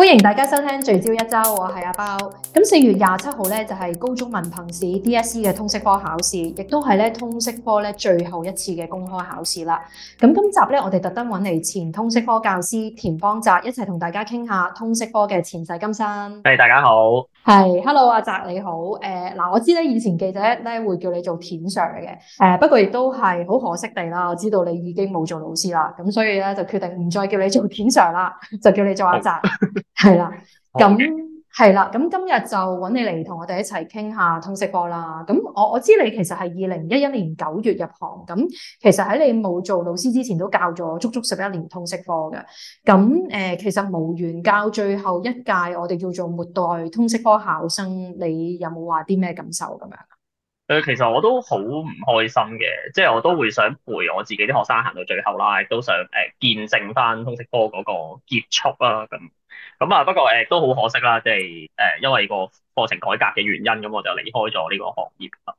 歡迎大家收聽聚焦一周，我係阿包。咁四月廿七號咧就係、是、高中文憑試 DSE 嘅通識科考試，亦都係咧通識科咧最後一次嘅公開考試啦。咁今集咧我哋特登揾嚟前通識科教師田方澤一齊同大家傾下通識科嘅前世今生。係、hey, 大家好，係 Hello 阿澤你好。誒、呃、嗱，我知咧以前記者咧會叫你做田 Sir 嘅，誒、呃、不過亦都係好可惜地啦。我知道你已經冇做老師啦，咁所以咧就決定唔再叫你做田 Sir 啦，就叫你做阿澤。好 係啦，咁係啦，咁 Okay. 今日就揾你嚟同我哋一齊傾下通識科啦。咁我我知你其實係二零一一年九月入行，咁其實喺你冇做老師之前都教咗足足十一年通識科嘅。咁誒、呃，其實無緣教最後一屆，我哋叫做末代通識科考生，你有冇話啲咩感受咁樣？誒、呃，其實我都好唔開心嘅，即係我都會想陪我自己啲學生行到最後啦，亦都想誒、呃、見證翻通識科嗰個結束啦、啊、咁。咁啊，不過誒，都好可惜啦，即係誒，因為個課程改革嘅原因，咁我就離開咗呢個行業啦。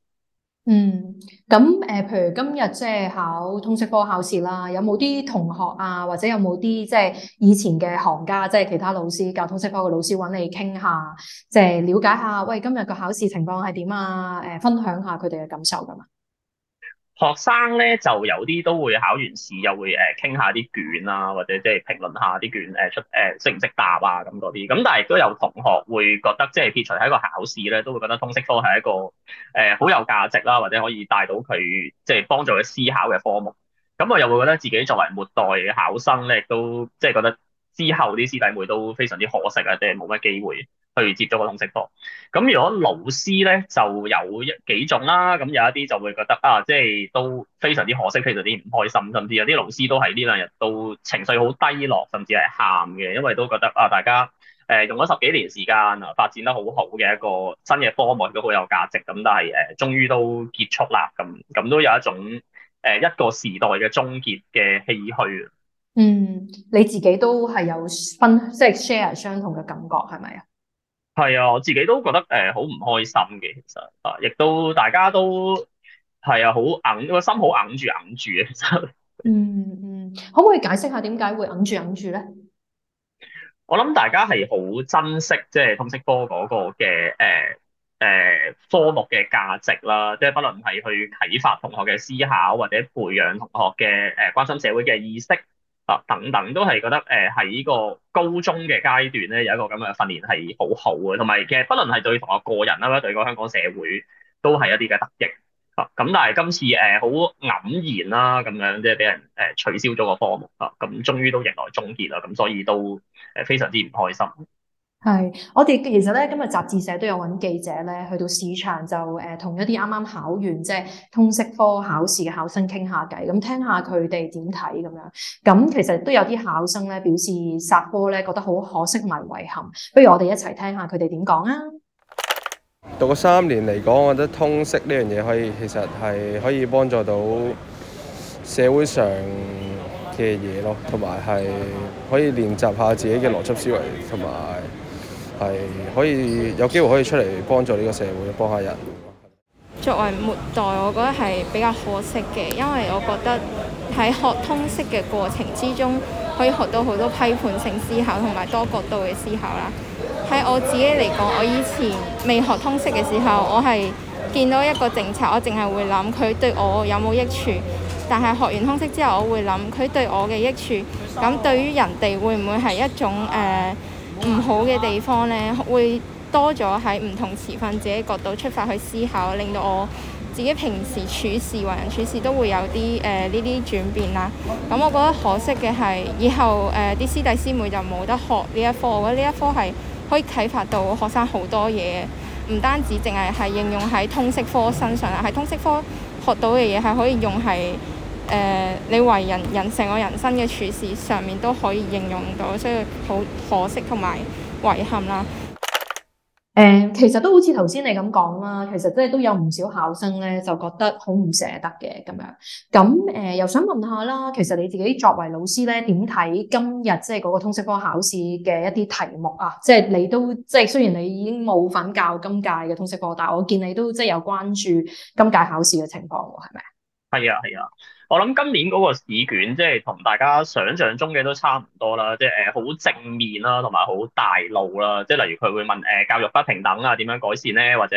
嗯，咁誒，譬如今日即係考通識科考試啦，有冇啲同學啊，或者有冇啲即係以前嘅行家，即係其他老師教通識科嘅老師，揾你傾下，即係了解下，喂，今日個考試情況係點啊？誒，分享下佢哋嘅感受噶嘛。學生咧就有啲都會考完試，又會誒傾下啲卷啊，或者即係評論下啲卷誒，出誒，識唔識答啊，咁嗰啲。咁但係都有同學會覺得即係撇除喺一個考試咧，都會覺得通識科係一個誒、呃、好有價值啦，或者可以帶到佢即係幫助佢思考嘅科目。咁我又會覺得自己作為末代嘅考生咧，亦都即係覺得。之後啲師弟妹都非常之可惜啊，即係冇乜機會去接觸嗰通識科。咁如果老師咧就有一幾種啦，咁有一啲就會覺得啊，即係都非常之可惜，非常之唔開心，甚至有啲老師都係呢兩日都情緒好低落，甚至係喊嘅，因為都覺得啊，大家誒、呃、用咗十幾年時間啊，發展得好好嘅一個新嘅科目都好有價值，咁但係誒終於都結束啦，咁咁都有一種誒、呃、一個時代嘅終結嘅唏噓。嗯，你自己都係有分即係 share 相同嘅感覺係咪啊？係啊，我自己都覺得誒好唔開心嘅，其實啊，亦都大家都係啊好硬個心硬着硬着，好硬住硬住嘅。其實，嗯嗯，可唔可以解釋下點解會硬住硬住咧？我諗大家係好珍惜即係通識科嗰個嘅誒誒科目嘅價值啦，即係不論係去啟發同學嘅思考，或者培養同學嘅誒、呃、關心社會嘅意識。等等都係覺得誒喺呢個高中嘅階段咧，有一個咁嘅訓練係好好嘅，同埋其實不論係對我個人啦，對個香港社會都係一啲嘅得益啊。咁但係今次誒好黯然啦，咁樣即係俾人誒取消咗個科目啊，咁終於都迎來終結啦，咁所以都誒非常之唔開心。係，我哋其實咧今日雜誌社都有揾記者咧，去到市場就誒、呃，同一啲啱啱考完即係通識科考試嘅考生傾下偈，咁聽下佢哋點睇咁樣。咁其實都有啲考生咧表示殺科咧覺得好可惜埋遺憾，不如我哋一齊聽下佢哋點講啊。讀過三年嚟講，我覺得通識呢樣嘢可以，其實係可以幫助到社會上嘅嘢咯，同埋係可以練習下自己嘅邏輯思維同埋。係可以有機會可以出嚟幫助呢個社會，幫下人。作為末代，我覺得係比較可惜嘅，因為我覺得喺學通識嘅過程之中，可以學到好多批判性思考同埋多角度嘅思考啦。喺我自己嚟講，我以前未學通識嘅時候，我係見到一個政策，我淨係會諗佢對我有冇益處。但係學完通識之後，我會諗佢對我嘅益處，咁對於人哋會唔會係一種誒，Uh, 唔好嘅地方呢，會多咗喺唔同持份者自己角度出發去思考，令到我自己平時處事、為人處事都會有啲誒呢啲轉變啦。咁、嗯、我覺得可惜嘅係，以後誒啲、呃、師弟師妹就冇得學呢一科。我覺得呢一科係可以啟發到學生好多嘢，唔單止淨係係應用喺通識科身上啦，喺通識科學到嘅嘢係可以用喺。誒、呃，你為人人成個人生嘅處事上面都可以應用到，所以好可惜同埋遺憾啦。誒、呃，其實都好似頭先你咁講啦，其實即係都有唔少考生咧，就覺得好唔捨得嘅咁樣。咁、呃、誒，又想問下啦，其實你自己作為老師咧，點睇今日即係嗰個通識科考試嘅一啲題目啊？即係你都即係雖然你已經冇份教今屆嘅通識科，但我見你都即係有關注今屆考試嘅情況喎，係咪？係啊，係啊。我諗今年嗰個試卷即係同大家想像中嘅都差唔多啦，即係誒好正面啦、啊，同埋好大路啦、啊。即係例如佢會問誒、呃、教育不平等啊，點樣改善咧？或者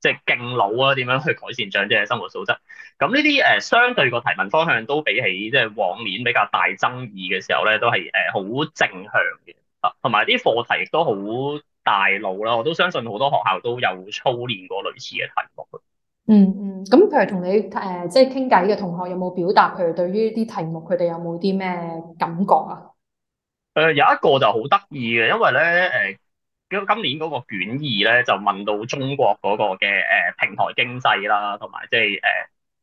即係敬老啊，點樣去改善長者嘅生活素質？咁呢啲誒相對個提問方向都比起即係往年比較大爭議嘅時候咧，都係誒好正向嘅。啊，同埋啲課題亦都好大路啦、啊。我都相信好多學校都有操練過類似嘅題目。嗯嗯，咁、嗯、譬如同你誒、呃，即係傾偈嘅同學有冇表達佢對於啲題目，佢哋有冇啲咩感覺啊？誒、呃，有一個就好得意嘅，因為咧誒、呃，今年嗰個卷二咧就問到中國嗰個嘅誒、呃、平台經濟啦，同埋即係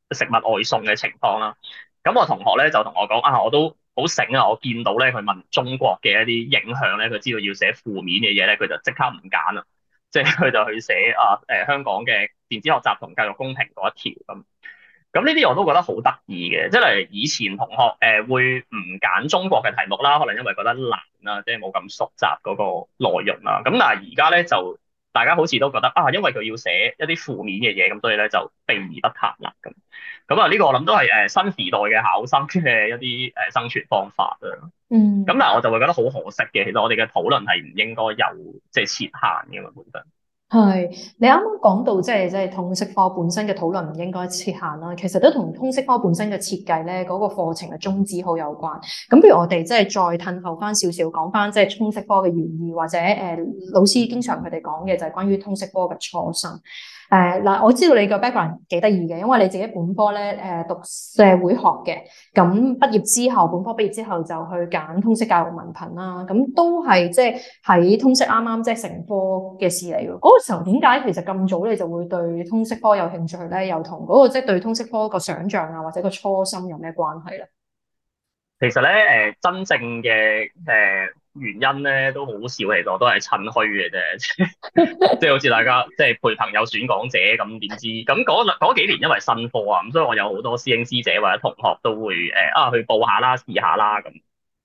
誒食物外送嘅情況啦。咁我同學咧就同我講啊，我都好醒啊，我見到咧佢問中國嘅一啲影響咧，佢知道要寫負面嘅嘢咧，佢就即刻唔揀啦。即係佢就去寫啊，誒、呃、香港嘅電子學習同教育公平嗰一條咁，咁呢啲我都覺得好得意嘅，即係以前同學誒、呃、會唔揀中國嘅題目啦，可能因為覺得難啦，即係冇咁熟習嗰個內容啦，咁但係而家咧就～大家好似都覺得啊，因為佢要寫一啲負面嘅嘢，咁所以咧就避而不談啦。咁咁啊，呢個我諗都係誒、呃、新時代嘅考生嘅一啲誒生存方法啊。嗯。咁但係我就會覺得好可惜嘅，其實我哋嘅討論係唔應該有即係設限嘅嘛，本身。係，你啱啱講到即係即係通識科本身嘅討論唔應該設限啦，其實都同通識科本身嘅設計咧，嗰個課程嘅宗旨好有關。咁，不如我哋即係再褪後翻少少，講翻即係通識科嘅原意或者誒、呃、老師經常佢哋講嘅就係關於通識科嘅初心。誒，嗱，uh, 我知道你個 background 幾得意嘅，因為你自己本科咧，誒，讀社會學嘅，咁畢業之後，本科畢業之後就去揀通識教育文憑啦，咁、嗯、都係即係喺通識啱啱即係成科嘅事嚟。嗰、那個時候，點解其實咁早你就會對通識科有興趣咧？又同嗰、那個即係對通識科個想象啊，或者個初心有咩關係咧？其實咧，誒、呃，真正嘅，誒、呃。原因咧都好少，嚟實都係趁虛嘅啫，即 係好似大家即係、就是、陪朋友選港姐咁，點知咁嗰嗰幾年因為新科啊，咁所以我有好多師兄師姐或者同學都會誒、呃、啊去報下啦，試下啦咁，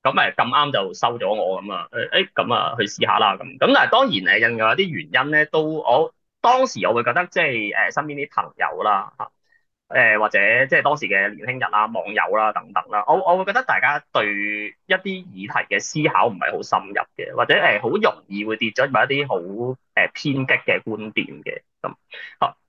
咁誒咁啱就收咗我咁、欸、啊誒，咁啊去試下啦咁，咁但係當然誒，另外啲原因咧都我當時我會覺得即係誒身邊啲朋友啦誒，或者即係當時嘅年輕人啦、網友啦等等啦，我我會覺得大家對一啲議題嘅思考唔係好深入嘅，或者誒好容易會跌咗，埋一啲好誒偏激嘅觀點嘅咁。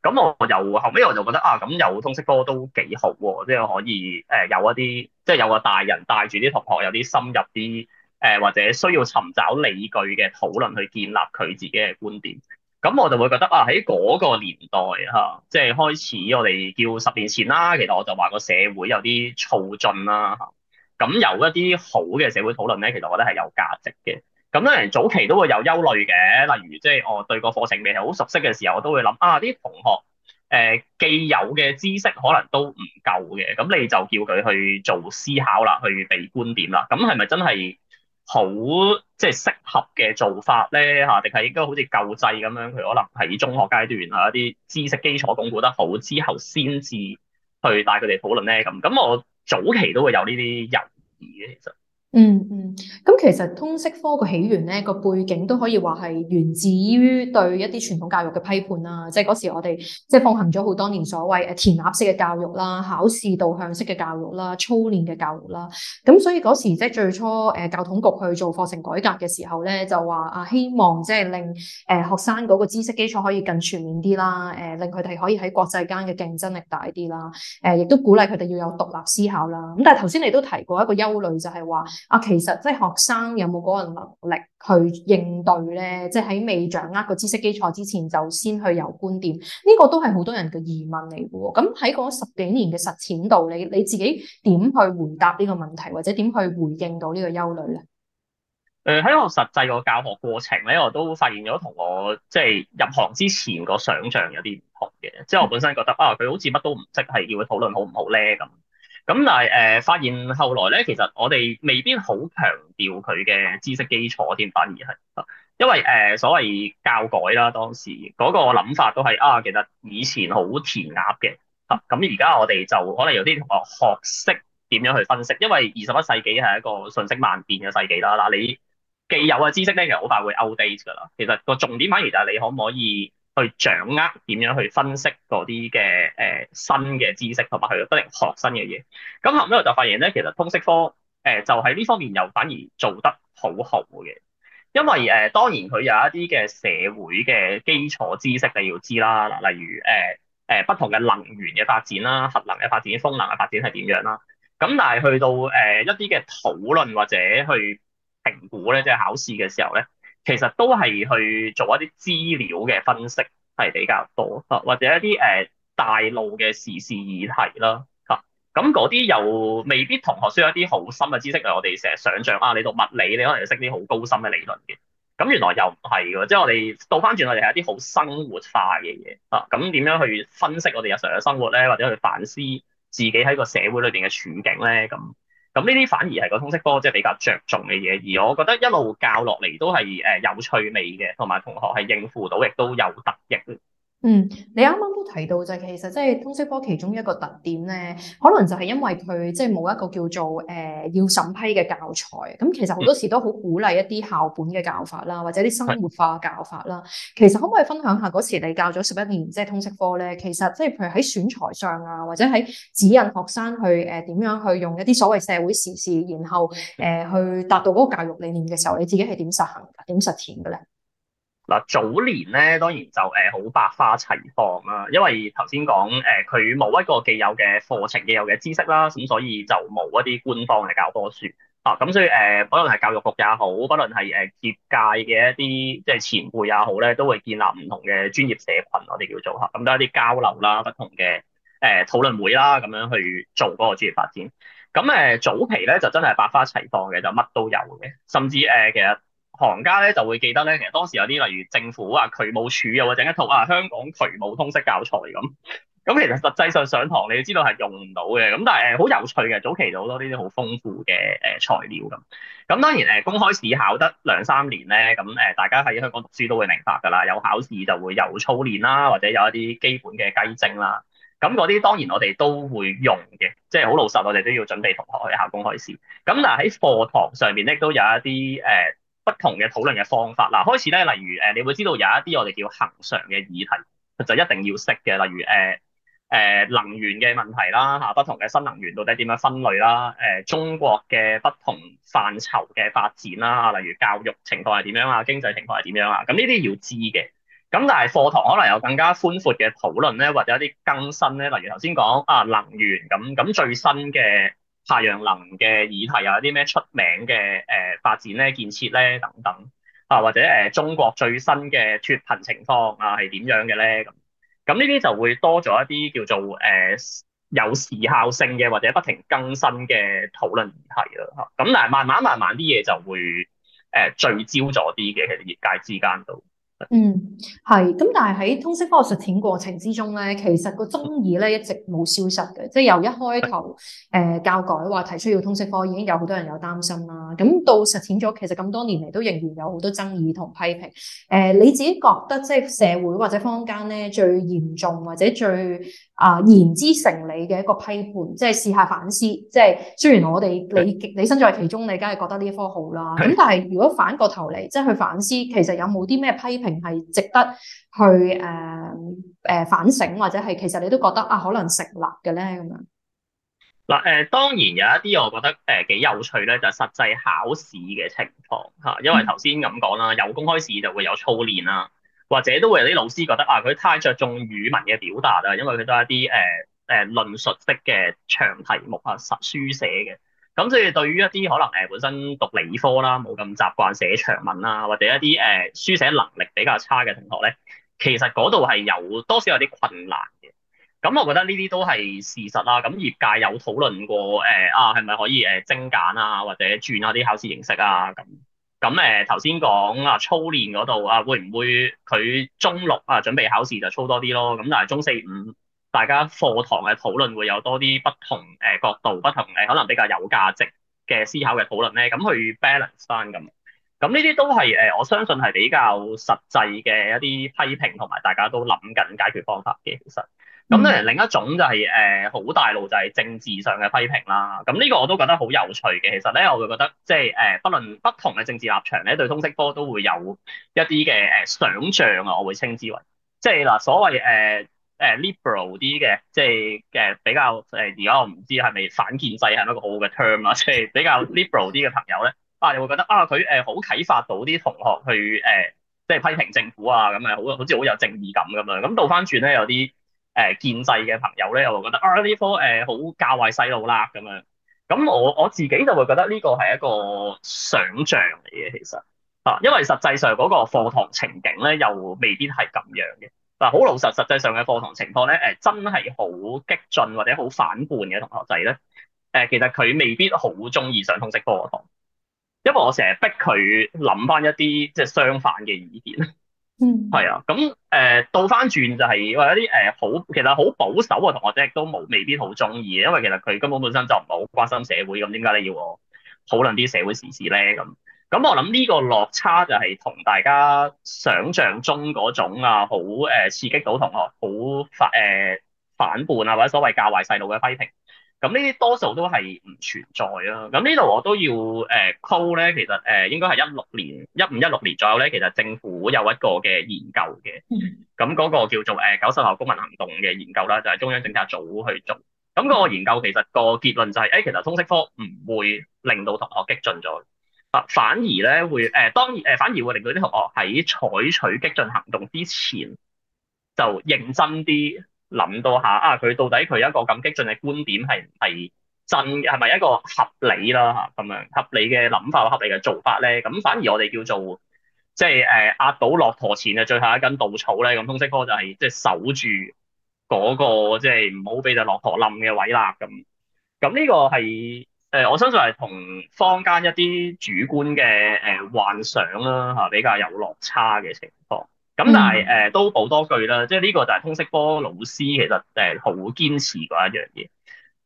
咁我又後尾我就覺得啊，咁有通識科都幾好、啊，即係可以誒、呃、有一啲，即係有個大人帶住啲同學有啲深入啲誒、呃，或者需要尋找理據嘅討論去建立佢自己嘅觀點。咁我就會覺得啊，喺嗰個年代嚇、啊，即係開始我哋叫十年前啦。其實我就話個社會有啲躁進啦。咁、啊、有一啲好嘅社會討論咧，其實我覺得係有價值嘅。咁當然早期都會有憂慮嘅，例如即係我對個課程未係好熟悉嘅時候，我都會諗啊，啲同學誒、呃、既有嘅知識可能都唔夠嘅，咁你就叫佢去做思考啦，去俾觀點啦。咁係咪真係？好即係適合嘅做法咧嚇，定、啊、係應該好似舊制咁樣，佢可能喺中學階段啊，一啲知識基礎鞏固得好之後，先至去帶佢哋討論咧咁。咁、啊、我早期都會有呢啲猶疑嘅，其實。嗯嗯，咁、嗯、其實通識科個起源咧個背景都可以話係源自於對一啲傳統教育嘅批判啦。即係嗰時我哋即係奉行咗好多年所謂誒填鴨式嘅教育啦、考試導向式嘅教育啦、操練嘅教育啦。咁所以嗰時即係最初誒、呃、教統局去做課程改革嘅時候咧，就話啊希望即係令誒、呃、學生嗰個知識基礎可以更全面啲啦，誒、呃、令佢哋可以喺國際間嘅競爭力大啲啦，誒、呃、亦都鼓勵佢哋要有獨立思考啦。咁但係頭先你都提過一個憂慮就係話。啊，其實即係學生有冇嗰個能力去應對咧？即係喺未掌握個知識基礎之前，就先去有觀點，呢、這個都係好多人嘅疑問嚟嘅喎。咁喺嗰十幾年嘅實踐度，你你自己點去回答呢個問題，或者點去回應到個憂慮呢個憂慮咧？誒、呃，喺我實際個教學過程咧，我都發現咗同我即係入行之前個想像有啲唔同嘅。嗯、即係我本身覺得啊，佢好似乜都唔識，係要佢討論好唔好咧咁。咁但係誒、呃、發現後來咧，其實我哋未必好強調佢嘅知識基礎添，反而係因為誒、呃、所謂教改啦，當時嗰個諗法都係啊，其實以前好填鴨嘅啊，咁而家我哋就可能有啲同學學識點樣去分析，因為二十一世紀係一個信息萬變嘅世紀啦。嗱，你既有嘅知識咧，其實好快會 outdate 㗎啦。其實個重點反而就係你可唔可以去掌握點樣去分析嗰啲嘅誒新嘅知識同埋佢哋不停學新嘅嘢。咁後面我就發現咧，其實通識科誒、呃、就喺呢方面又反而做得好好嘅，因為誒、呃、當然佢有一啲嘅社會嘅基礎知識你要知啦，嗱例如誒誒、呃呃、不同嘅能源嘅發展啦，核能嘅發展、風能嘅發展係點樣啦。咁但係去到誒、呃、一啲嘅討論或者去評估咧，即係考試嘅時候咧。其實都係去做一啲資料嘅分析係比較多，啊、或者一啲誒、呃、大路嘅時事議題啦。咁嗰啲又未必同學需要一啲好深嘅知識。我哋成日想象啊，你讀物理你可能識啲好高深嘅理論嘅，咁、啊、原來又唔係喎。即係我哋倒翻轉，我哋係一啲好生活化嘅嘢啊。咁點樣去分析我哋日常嘅生活咧，或者去反思自己喺個社會裏邊嘅處境咧？咁、嗯咁呢啲反而係個通識科即係比較着重嘅嘢，而我覺得一路教落嚟都係誒有趣味嘅，同埋同學係應付到，亦都有得益嘅。嗯，你啱啱都提到就其實即係通識科其中一個特點咧，可能就係因為佢即係冇一個叫做誒、呃、要審批嘅教材，咁其實好多時都好鼓勵一啲校本嘅教法啦，或者啲生活化教法啦。是其實可唔可以分享下嗰時你教咗十一年即係、就是、通識科咧？其實即係譬如喺選材上啊，或者喺指引學生去誒點樣去用一啲所謂社會時事，然後誒、呃、去達到嗰個教育理念嘅時候，你自己係點實行噶？點實踐嘅咧？嗱，早年咧當然就誒好百花齊放啦，因為頭先講誒佢冇一個既有嘅課程、既有嘅知識啦，咁所以就冇一啲官方嘅教科書啊，咁所以誒，不論係教育局也好，不論係誒業界嘅一啲即係前輩也好咧，都會建立唔同嘅專業社群，我哋叫做嚇，咁多一啲交流啦，不同嘅誒討論會啦，咁樣去做嗰個專業發展。咁誒、呃、早期咧就真係百花齊放嘅，就乜都有嘅，甚至誒、呃、其實。行家咧就會記得咧，其實當時有啲例如政府啊、渠務署又或者一套啊香港渠務通識教材咁，咁其實實際上上堂你要知道係用唔到嘅，咁但係誒好有趣嘅，早期好多呢啲好豐富嘅誒材料咁。咁當然誒公開試考得兩三年咧，咁誒大家喺香港讀書都會明白㗎啦，有考試就會有操練啦，或者有一啲基本嘅雞精啦，咁嗰啲當然我哋都會用嘅，即係好老實，我哋都要準備同學去考公開試。咁嗱喺課堂上面咧都有一啲誒。呃不同嘅討論嘅方法嗱，開始咧，例如誒，你會知道有一啲我哋叫恆常嘅議題，就一定要識嘅，例如誒誒、呃呃、能源嘅問題啦，嚇、啊，不同嘅新能源到底點樣分類啦，誒、啊、中國嘅不同範疇嘅發展啦、啊，例如教育情況係點樣啊，經濟情況係點樣啊，咁呢啲要知嘅。咁但係課堂可能有更加寬闊嘅討論咧，或者一啲更新咧，例如頭先講啊能源咁咁最新嘅。太陽能嘅議題有啲咩出名嘅誒發展咧、建設咧等等啊，或者誒、呃、中國最新嘅脫貧情況啊係點樣嘅咧咁？咁呢啲就會多咗一啲叫做誒、呃、有時效性嘅或者不停更新嘅討論議題啦嚇。咁、啊、嗱，但係慢慢慢慢啲嘢就會誒、呃、聚焦咗啲嘅，其實業界之間都。嗯，係，咁但係喺通識科實踐過程之中咧，其實個爭議咧一直冇消失嘅，即係由一開頭誒、呃、教改話提出要通識科，已經有好多人有擔心啦。咁到實踐咗，其實咁多年嚟都仍然有好多爭議同批評。誒、呃，你自己覺得即係社會或者坊間咧最嚴重或者最？啊，言之成理嘅一個批判，即係試下反思。即係雖然我哋 你你身在其中，你梗係覺得呢一科好啦。咁但係如果反過頭嚟，即係去反思，其實有冇啲咩批評係值得去誒誒、呃呃、反省，或者係其實你都覺得啊，可能成立嘅咧咁樣。嗱誒，當然有一啲我覺得誒幾有趣咧，就係、是、實際考試嘅情況嚇，因為頭先咁講啦，有公開試就會有操練啦。或者都會有啲老師覺得啊，佢太着重語文嘅表達啦，因為佢都係一啲誒誒論述式嘅長題目啊、實書寫嘅。咁所以對於一啲可能誒、呃、本身讀理科啦，冇咁習慣寫長文啦，或者一啲誒、呃、書寫能力比較差嘅同學咧，其實嗰度係有多少有啲困難嘅。咁我覺得呢啲都係事實啦。咁業界有討論過誒、呃、啊，係咪可以誒、呃、精簡啊，或者轉一啲考試形式啊咁？咁誒頭先講，啊操練嗰度啊，會唔會佢中六啊準備考試就操多啲咯，咁但係中四五大家課堂嘅討論會有多啲不同誒、呃、角度、不同誒、呃、可能比較有價值嘅思考嘅討論咧，咁去 balance 翻咁。咁呢啲都係誒、呃、我相信係比較實際嘅一啲批評同埋大家都諗緊解決方法嘅，其實。咁咧，嗯、另一種就係、是、誒好大路，就係政治上嘅批評啦。咁、這、呢個我都覺得好有趣嘅。其實咧，我會覺得即係誒，不論不同嘅政治立場咧，對通識科都會有一啲嘅誒想像啊。我會稱之為即係嗱，所謂誒誒 liberal 啲嘅，即係嘅比較誒。而家我唔知係咪反建制係一個好嘅 term 啦，即係比較 liberal 啲嘅朋友咧，啊，你會覺得啊，佢誒好啟發到啲同學去誒，即、呃、係、就是、批評政府啊，咁啊，好好似好有正義感咁樣。咁倒翻轉咧，有啲誒建制嘅朋友咧，又會覺得啊呢科誒好教壞細路啦咁樣。咁我我自己就會覺得呢個係一個想像嚟嘅，其實啊，因為實際上嗰個課堂情景咧，又未必係咁樣嘅。但好老實，實際上嘅課堂情況咧，誒、呃、真係好激進或者好反叛嘅同學仔咧，誒、呃、其實佢未必好中意上通識課堂，因為我成日逼佢諗翻一啲即係相反嘅意見。嗯，係啊，咁誒倒返轉就係話一啲誒、呃、好，其實好保守嘅同學仔都冇未必好中意，因為其實佢根本本身就唔係好關心社會咁，點解你要我討論啲社會時事咧？咁咁我諗呢個落差就係同大家想象中嗰種啊好誒、呃、刺激到同學好反誒、呃、反叛啊或者所謂教壞細路嘅批評。咁呢啲多數都係唔存在啦。咁呢度我都要誒、呃、call 咧，其實誒、呃、應該係一六年、一五、一六年左右咧。其實政府有一個嘅研究嘅，咁嗰、嗯、個叫做誒九十後公民行動嘅研究啦，就係、是、中央政策組去做。咁、那個研究其實個結論就係、是，誒、欸、其實通識科唔會令到同學激進咗啊，反而咧會誒、呃、當然誒、呃、反而會令到啲同學喺採取激進行動之前就認真啲。諗到下啊，佢到底佢一個咁激進嘅觀點係唔係真，係咪一個合理啦？吓，咁樣合理嘅諗法，合理嘅做法咧，咁反而我哋叫做即係誒壓倒駱駝前嘅最後一根稻草咧，咁通識科就係即係守住嗰個即係唔好俾隻駱駝冧嘅位啦。咁咁呢個係誒我相信係同坊間一啲主觀嘅誒幻想啦吓，比較有落差嘅情況。咁、嗯、但係誒、呃、都補多句啦，即係呢個就係通識科老師其實誒好、呃、堅持嗰一樣嘢。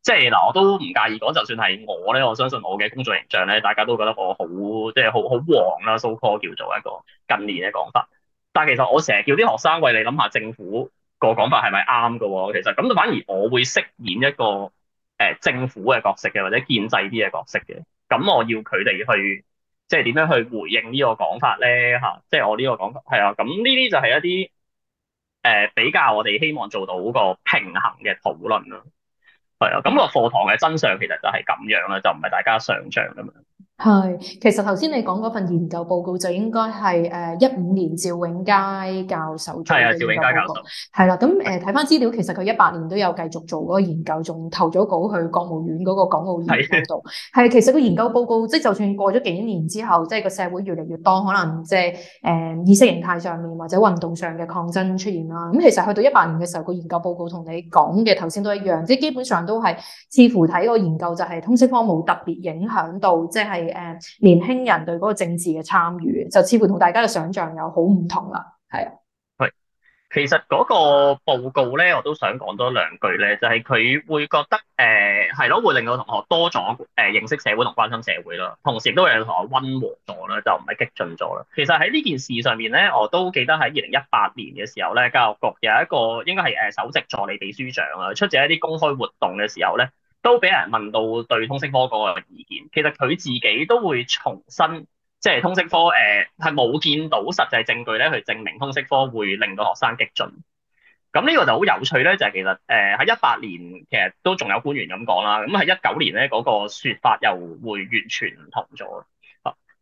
即係嗱，我都唔介意講，就算係我咧，我相信我嘅工作形象咧，大家都覺得我好即係好好黃啦，so call 叫做一個近年嘅講法。但係其實我成日叫啲學生為你諗下政府個講法係咪啱㗎喎，其實咁就反而我會飾演一個誒、呃、政府嘅角色嘅，或者建制啲嘅角色嘅。咁我要佢哋去。即係點樣去回應個呢個講法咧？嚇、啊，即係我呢個講法係啊，咁呢啲就係一啲誒、呃、比較，我哋希望做到個平衡嘅討論啦。係啊，咁個課堂嘅真相其實就係咁樣啦，就唔係大家想象咁樣。係，其實頭先你講嗰份研究報告就應該係誒一五年趙永佳教授出嘅報告。係啊，趙永佳教授。係啦，咁誒睇翻資料，其實佢一八年都有繼續做嗰個研究，仲投咗稿去國務院嗰個港澳研究度對。係，其實個研究報告即係就算過咗幾年之後，即係個社會越嚟越多可能即係誒、呃、意識形態上面或者運動上嘅抗爭出現啦。咁其實去到一八年嘅時候，個研究報告同你講嘅頭先都一樣，即係基本上都係似乎睇個研究就係、是、通識科冇特別影響到，即係。誒年輕人對嗰個政治嘅參與，就似乎同大家嘅想象有好唔同啦。係啊，係。其實嗰個報告咧，我都想講多兩句咧，就係、是、佢會覺得誒係咯，會令到同學多咗誒、呃、認識社會同關心社會咯。同時亦都令到同學溫和咗啦，就唔係激進咗啦。其實喺呢件事上面咧，我都記得喺二零一八年嘅時候咧，教育局有一個應該係誒首席助理秘書長啊，出席一啲公開活動嘅時候咧，都俾人問到對通識科個意見，其實佢自己都會重申，即係通識科誒係冇見到實際證據咧去證明通識科會令到學生激進。咁呢個就好有趣咧，就係、是、其實誒喺一八年其實都仲有官員咁講啦，咁喺一九年咧嗰、那個説法又會完全唔同咗。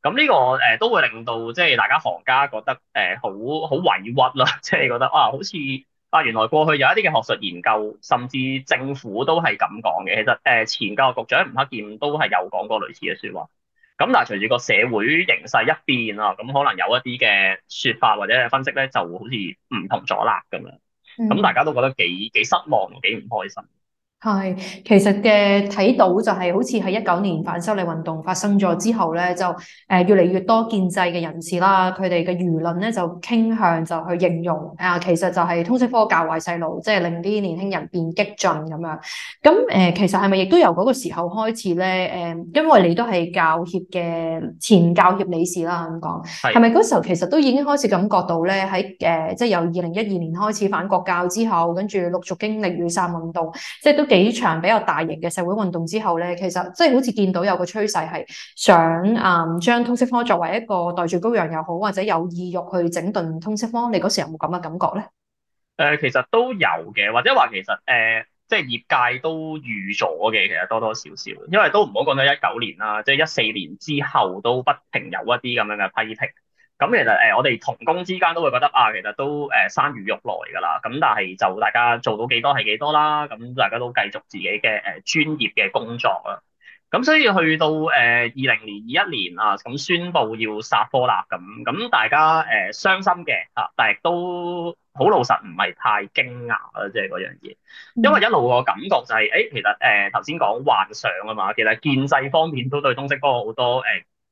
咁呢、這個誒、呃、都會令到即係大家行家覺得誒、呃、好好委屈啦，即係覺得哇、啊、好似～啊，原來過去有一啲嘅學術研究，甚至政府都係咁講嘅。其實誒、呃，前教育局長吳克儉都係有講過類似嘅説話。咁但係隨住個社會形勢一變啊，咁可能有一啲嘅説法或者分析咧，就好似唔同咗啦咁樣。咁、嗯嗯、大家都覺得幾幾失望，幾唔開心。係，其實嘅睇到就係好似喺一九年反修例運動發生咗之後咧，就誒越嚟越多建制嘅人士啦，佢哋嘅輿論咧就傾向就去形容啊，其實就係通識科教壞細路，即係令啲年輕人變激進咁樣。咁誒、呃，其實係咪亦都由嗰個時候開始咧？誒、呃，因為你都係教協嘅前教協理事啦，咁講係咪嗰時候其實都已經開始感覺到咧？喺誒、呃，即係由二零一二年開始反國教之後，跟住陸續經歷雨傘運動，即係都。幾場比較大型嘅社會運動之後咧，其實即係、就是、好似見到有個趨勢係想誒將、嗯、通識科作為一個代罪羔羊又好，或者有意欲去整頓通識科，你嗰時有冇咁嘅感覺咧？誒、呃，其實都有嘅，或者話其實誒，即、呃、係、就是、業界都預咗嘅。其實多多少少，因為都唔好講到一九年啦，即係一四年之後都不停有一啲咁樣嘅批評。咁其實誒，我哋同工之間都會覺得啊，其實都誒、啊、山雨欲來㗎啦。咁但係就大家做到幾多係幾多啦。咁、啊、大家都繼續自己嘅誒、啊、專業嘅工作啦。咁、啊、所以去到誒二零年二一年啊，咁、啊、宣布要殺科啦咁，咁、啊、大家誒、啊、傷心嘅啊，但係都好老實，唔係太驚訝啦，即係嗰樣嘢。因為一路個感覺就係、是、誒、欸，其實誒頭先講幻想啊嘛，其實建制方面都對通識科好多誒、啊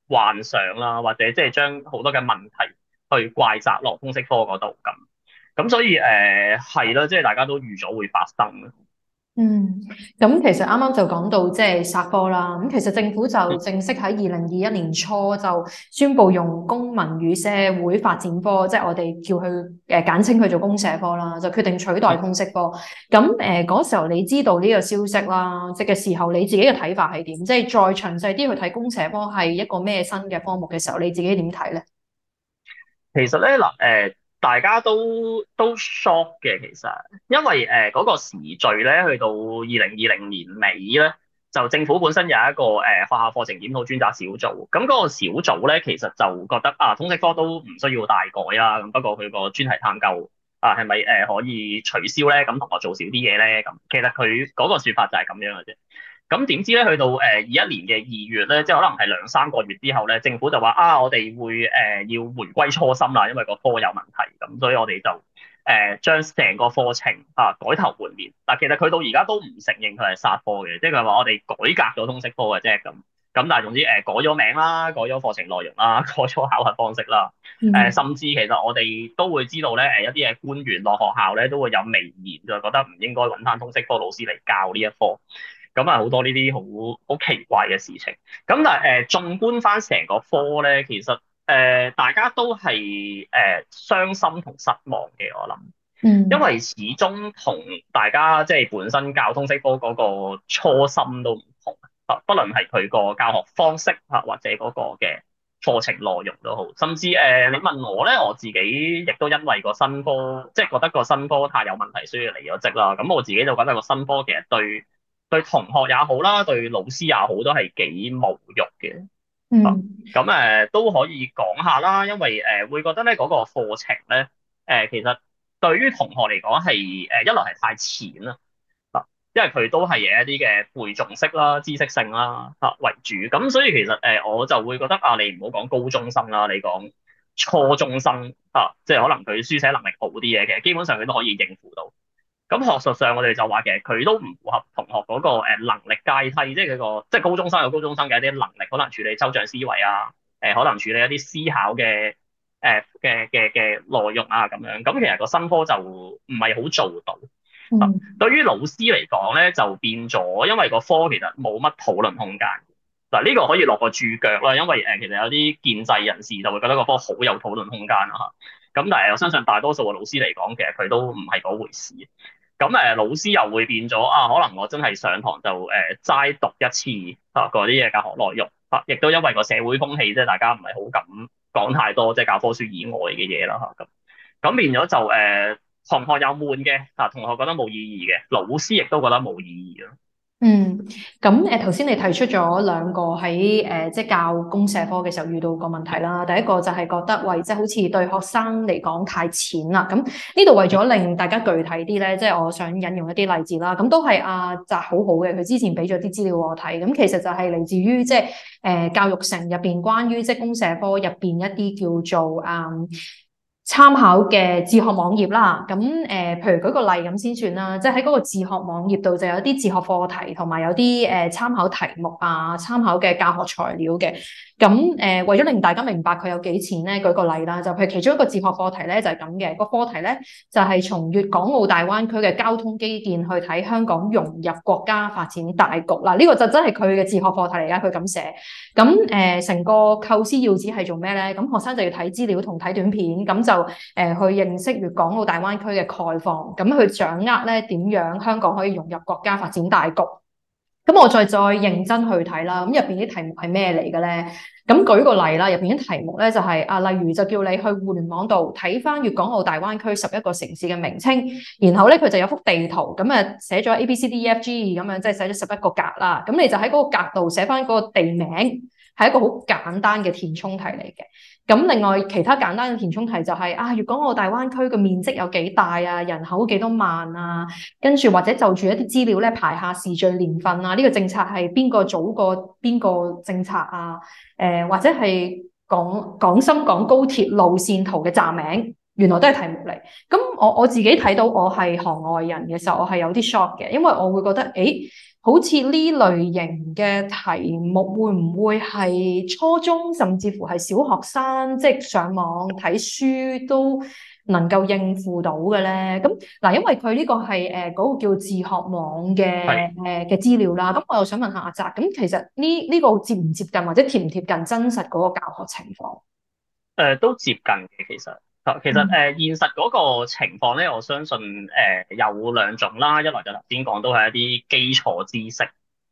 幻想啦，或者即係將好多嘅問題去怪責落通識科嗰度咁。咁所以誒係咯，即、呃、係、就是、大家都預咗會發生。嗯，咁其實啱啱就講到即係殺科啦，咁其實政府就正式喺二零二一年初就宣布，用公民與社會發展科，即係我哋叫佢，誒簡稱佢做公社科啦，就決定取代通識科。咁誒嗰時候你知道呢個消息啦，即嘅時候你自己嘅睇法係點？即係再詳細啲去睇公社科係一個咩新嘅科目嘅時候，你自己點睇咧？其實咧嗱，誒、呃。大家都都 shock 嘅，其實，因為誒嗰、呃嗰個時序咧，去到二零二零年尾咧，就政府本身有一個誒、呃、學校課程檢討專責小組，咁嗰個小組咧，其實就覺得啊，通識科都唔需要大改啦，咁不過佢個專題探究啊，係咪誒可以取消咧？咁同學做少啲嘢咧，咁其實佢嗰個説法就係咁樣嘅啫。咁點知咧？去到誒二一年嘅二月咧，即係可能係兩三個月之後咧，政府就話啊，我哋會誒、呃、要回歸初心啦，因為個科有問題，咁所以我哋就誒、呃、將成個課程啊改頭換面。但其實佢到而家都唔承認佢係殺科嘅，即係佢話我哋改革咗通識科嘅啫咁。咁但係總之誒改咗名啦，改咗課程內容啦，改咗考核方式啦。誒、嗯呃，甚至其實我哋都會知道咧，誒一啲嘅官員落學校咧都會有微言，就覺得唔應該揾返通識科老師嚟教呢一科。咁啊，好多呢啲好好奇怪嘅事情。咁但係誒，縱、呃、觀翻成個科咧，其實誒、呃、大家都係誒、呃、傷心同失望嘅，我諗。嗯。因為始終同大家即係本身教通識科嗰個初心都唔同，不不論係佢個教學方式啊，或者嗰個嘅課程內容都好，甚至誒、呃、你問我咧，我自己亦都因為個新科即係、就是、覺得個新科太有問題，所以離咗職啦。咁我自己就覺得個新科其實對。對同學也好啦，對老師也好，都係幾侮辱嘅。嗯，咁誒、啊呃、都可以講下啦，因為誒、呃、會覺得咧嗰、那個課程咧，誒、呃、其實對於同學嚟講係誒一來係太淺啦，啊，因為佢都係有一啲嘅背誦式啦、知識性啦吓、啊、為主，咁所以其實誒、呃、我就會覺得啊，你唔好講高中生啦，你講初中生啊，即係可能佢書寫能力好啲嘅，其實基本上佢都可以應付到。咁學術上，我哋就話其實，佢都唔符合同學嗰個能力階梯，即係佢個即係、就是、高中生有高中生嘅一啲能力，可能處理抽象思維啊，誒、呃，可能處理一啲思考嘅誒嘅嘅嘅內容啊，咁樣咁，其實個新科就唔係好做到。嗯、對於老師嚟講咧，就變咗，因為個科其實冇乜討論空間。嗱，呢個可以落個注腳啦，因為誒，其實有啲建制人士就會覺得個科好有討論空間啦嚇。咁、啊、但係我相信大多數嘅老師嚟講，其實佢都唔係嗰回事。咁誒、呃、老師又會變咗啊，可能我真係上堂就誒齋、呃、讀一次啊嗰啲嘢，教學內容啊，亦都因為個社會風氣即係，大家唔係好敢講太多即係教科書以外嘅嘢啦嚇咁，咁、啊、變咗就誒、呃、同學又悶嘅，啊同學覺得冇意義嘅，老師亦都覺得冇意義咯。嗯，咁、嗯、誒，頭先你提出咗兩個喺誒、呃，即係教公社科嘅時候遇到個問題啦。第一個就係覺得，喂，即係好似對學生嚟講太淺啦。咁呢度為咗令大家具體啲咧，即係我想引用一啲例子啦。咁、嗯、都係阿澤好好嘅，佢之前俾咗啲資料我睇。咁、嗯、其實就係嚟自於即係誒、呃、教育城入邊關於即係公社科入邊一啲叫做啊，嗯參考嘅自學網頁啦，咁誒、呃，譬如舉個例咁先算啦，即係喺嗰個自學網頁度就有啲自學課題，同埋有啲誒參考題目啊，參考嘅教學材料嘅。咁誒，為咗令大家明白佢有幾錢咧，舉個例啦，就譬如其中一個自學課題咧，就係咁嘅。個課題咧就係從粵港澳大灣區嘅交通基建去睇香港融入國家發展大局啦。呢個就真係佢嘅自學課題嚟啦。佢咁寫，咁誒成個構思要旨係做咩咧？咁學生就要睇資料同睇短片，咁就誒、呃、去認識粵港澳大灣區嘅概況，咁去掌握咧點樣香港可以融入國家發展大局。咁我再再認真去睇啦，咁入邊啲題目係咩嚟嘅咧？咁舉個例啦，入邊啲題目咧就係啊，例如就叫你去互聯網度睇翻粵港澳大灣區十一個城市嘅名稱，然後咧佢就有幅地圖，咁啊寫咗 A B C D E F G 咁樣，即係寫咗十一個格啦，咁你就喺嗰個格度寫翻嗰個地名，係一個好簡單嘅填充題嚟嘅。咁另外其他簡單嘅填充題就係、是、啊，粵港澳大灣區嘅面積有幾大啊？人口幾多萬啊？跟住或者就住一啲資料咧，排下時序年份啊？呢、這個政策係邊個早過邊個政策啊？誒、呃、或者係港港深港高鐵路線圖嘅站名，原來都係題目嚟。咁我我自己睇到我係行外人嘅時候，我係有啲 shock 嘅，因為我會覺得誒。欸好似呢類型嘅題目，會唔會係初中甚至乎係小學生即係上網睇書都能夠應付到嘅咧？咁嗱，因為佢呢個係誒嗰個叫自學網嘅誒嘅資料啦。咁、呃、我又想問下阿澤，咁其實呢呢、呢個接唔接近，或者貼唔貼近真實嗰個教學情況？誒、呃，都接近嘅，其實。其實誒現實嗰個情況咧，我相信誒有兩種啦。一來就頭先講，都係一啲基礎知識，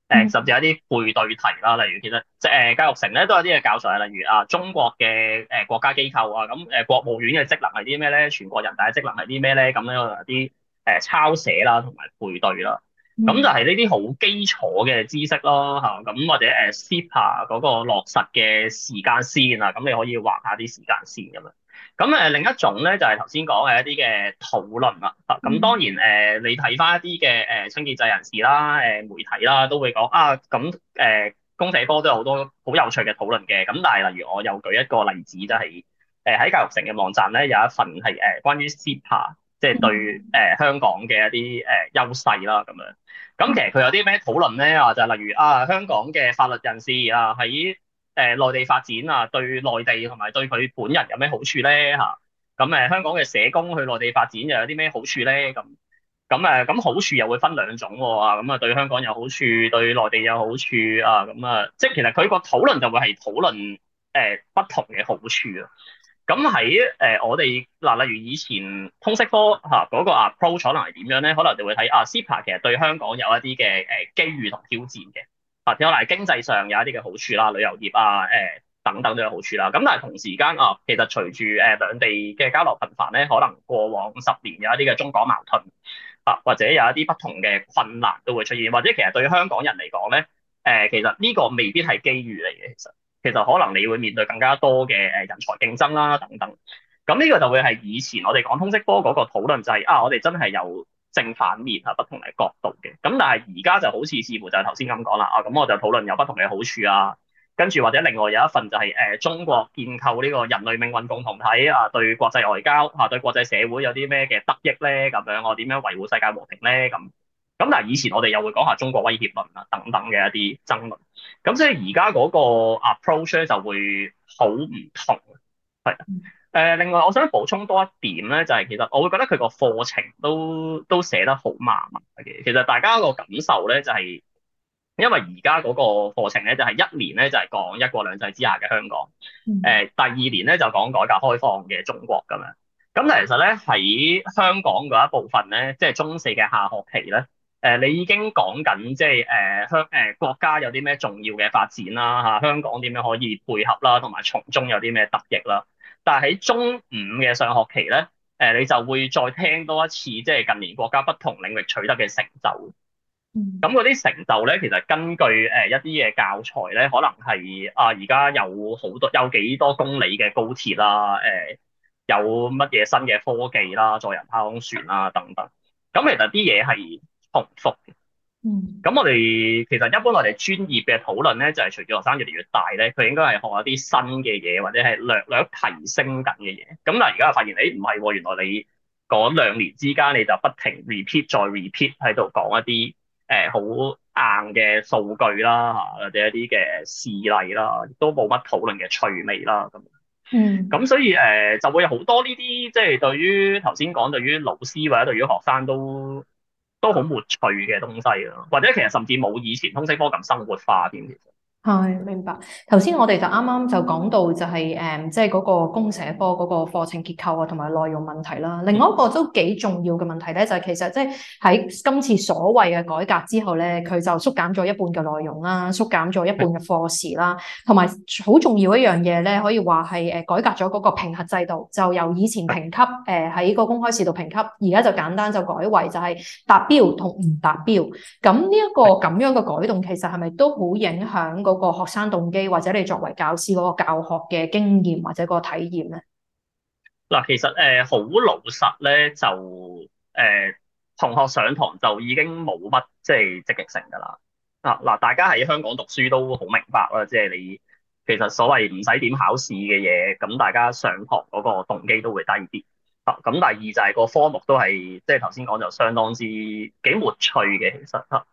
誒甚至有一啲配對題啦。例如其實即係教育城咧都有啲嘅教材，例如啊中國嘅誒國家機構啊，咁誒國務院嘅職能係啲咩咧？全國人大職能係啲咩咧？咁樣啲誒抄寫、嗯、啦，同埋配對啦，咁就係呢啲好基礎嘅知識咯。嚇咁或者誒 skip 下嗰個落實嘅時間線啊，咁你可以劃下啲時間線咁樣。咁誒、嗯、另一種咧，就係頭先講嘅一啲嘅討論啦。咁、嗯、當然誒、呃，你睇翻一啲嘅誒親建制人士啦、誒、呃、媒體啦，都會講啊。咁、啊、誒、呃，公社科都有好多好有趣嘅討論嘅。咁但係例如我又舉一個例子，就係誒喺教育城嘅網站咧，有一份係誒、呃、關於 SIPA，即係對誒、呃、香港嘅一啲誒、呃、優勢啦咁樣。咁其實佢有啲咩討論咧？啊，就係、是、例如啊，香港嘅法律人士啊喺。誒內地發展啊，對內地同埋對佢本人有咩好處咧？嚇，咁誒香港嘅社工去內地發展又有啲咩好處咧？咁咁誒咁好處又會分兩種喎，咁啊對香港有好處，對內地有好處啊，咁啊即係其實佢個討論就會係討論誒不同嘅好處啊。咁喺誒我哋嗱，例如以前通識科嚇嗰個啊 pro 可能係點樣咧？可能就會睇啊 CEPA 其實對香港有一啲嘅誒機遇同挑戰嘅。發展嗱，經濟上有一啲嘅好處啦，旅遊業啊，誒、欸、等等都有好處啦。咁但係同時間啊，其實隨住誒、欸、兩地嘅交流頻繁咧，可能過往十年有一啲嘅中港矛盾啊，或者有一啲不同嘅困難都會出現，或者其實對香港人嚟講咧，誒、欸、其實呢個未必係機遇嚟嘅。其實其實可能你會面對更加多嘅誒人才競爭啦，等等。咁呢個就會係以前我哋講通識科嗰個討論制、就係、啊，我哋真係有。正反面啊，不同嘅角度嘅，咁但係而家就好似似乎就係頭先咁講啦啊，咁我就討論有不同嘅好處啊，跟住或者另外有一份就係、是、誒、呃、中國建構呢個人類命運共同體啊，對國際外交嚇、啊、對國際社會有啲咩嘅得益咧，咁樣我、啊、點樣維護世界和平咧咁，咁但係以前我哋又會講下中國威脅論啊等等嘅一啲爭論，咁所以而家嗰個 approach 咧就會好唔同，係。誒，另外我想補充多一點咧，就係、是、其實我會覺得佢個課程都都寫得好麻麻嘅。其實大家個感受咧，就係、是、因為而家嗰個課程咧，就係、是、一年咧就係、是、講一國兩制之下嘅香港，誒、嗯、第二年咧就講改革開放嘅中國咁樣。咁其實咧喺香港嗰一部分咧，即係中四嘅下學期咧，誒、呃、你已經講緊即係誒香誒國家有啲咩重要嘅發展啦嚇、啊，香港點樣可以配合啦，同埋從中有啲咩得益啦。但係喺中五嘅上學期咧，誒、呃、你就會再聽多一次，即係近年國家不同領域取得嘅成就。咁嗰啲成就咧，其實根據誒、呃、一啲嘅教材咧，可能係啊而家有好多有幾多公里嘅高鐵啦，誒、呃、有乜嘢新嘅科技啦，載人太空船啦等等。咁其實啲嘢係重複。嗯，咁我哋其實一般我哋專業嘅討論咧，就係、是、隨住學生越嚟越大咧，佢應該係學一啲新嘅嘢，或者係略略提升緊嘅嘢。咁但而家發現，誒，唔係，原來你嗰兩年之間你就不停 repeat 再 repeat 喺度講一啲誒好硬嘅數據啦，或者一啲嘅事例啦，都冇乜討論嘅趣味啦。咁，嗯，咁所以誒、呃、就會有好多呢啲，即係對於頭先講對於老師或者對於學生都。都好沒趣嘅東西咯，或者其實甚至冇以前通識科咁生活化添，其實。係、哎，明白。頭先我哋就啱啱就講到就係、是、誒，即係嗰個公社科嗰個課程結構啊，同埋內容問題啦。另外一個都幾重要嘅問題咧，就係、是、其實即係喺今次所謂嘅改革之後咧，佢就縮減咗一半嘅內容啦，縮減咗一半嘅課時啦，同埋好重要一樣嘢咧，可以話係誒，改革咗嗰個評核制度，就由以前評級誒喺、呃、個公開試度評級，而家就簡單就改為就係達標同唔達標。咁呢一個咁樣嘅改動，其實係咪都好影響個？嗰個學生動機，或者你作為教師嗰個教學嘅經驗或者個體驗咧，嗱，其實誒好、呃、老實咧，就誒、呃、同學上堂就已經冇乜即係積極性㗎啦。嗱、啊、嗱，大家喺香港讀書都好明白啦，即係你其實所謂唔使點考試嘅嘢，咁大家上堂嗰個動機都會低啲。啊，咁第二就係個科目都係即係頭先講就相當之幾沒趣嘅，其實啊，